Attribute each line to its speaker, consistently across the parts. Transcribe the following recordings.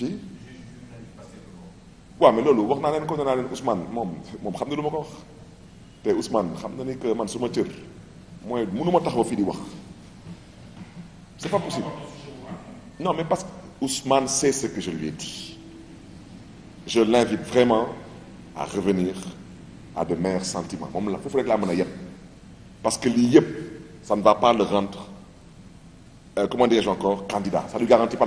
Speaker 1: ci. waaw mais loolu wax naa leen ko nee naa leen Ousmane moom moom xam na lu ma ko wax te Ousmane xam na ni que man suma mooy mënu ma taxaw fii di wax c'est pas possible non mais parce que Ousmane sait ce que je lui ai dit je l'invite vraiment à revenir à de meilleurs sentiments moom la foofu rek laa mën a yem parce que lii yëpp ça ne va pas le rendre euh, comment dirais-je encore candidat ça ne lui garantit pas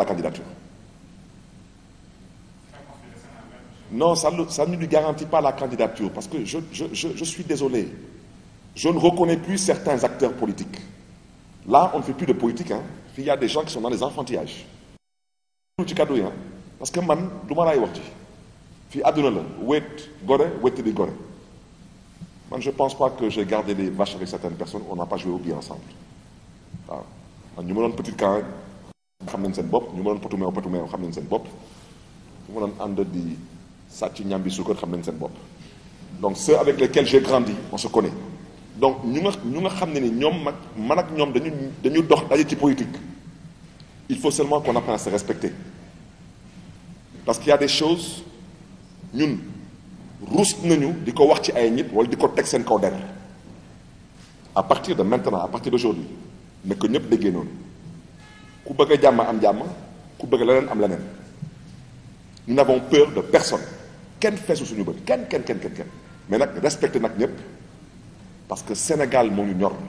Speaker 1: Non, ça, ça, ne lui garantit pas la candidature, parce que je, je, je, je, suis désolé. Je ne reconnais plus certains acteurs politiques. Là, on ne fait plus de politique. Hein. y a des gens qui sont dans les enfantillages. Parce que man, Man, je ne pense pas que j'ai gardé les vaches avec certaines personnes. On n'a pas joué au bien ensemble. Nous avons une petite carrière. Nous avons une petite carrière. Nous avons une petite carrière. Nous avons une petite carrière. sàcc ñambi suukar xam nañ seen bopp donc ceux avec lesquels j'ai grandi on se connaît donc ñu nga ñu nga xam ne ni ñoom mag man ak ñoom dañu dañu dox daje ci politique il faut seulement qu'on apprenne à se respecter parce que y a des choses ñun ruus nañu di ko wax ci ay nit wala di ko teg seen kaw der à partir de maintenant à partir d'aujourd'hui ne ko ñëpp déggee noonu ku bëgg a jàmm am jàmm ku bëgg leneen am leneen nous n'avons peur de personne kenn feesu suñu bëri kenn kenn kenn kenn kenn mais nag respecté nag ñëpp parce que Sénégal moo ñu ñor.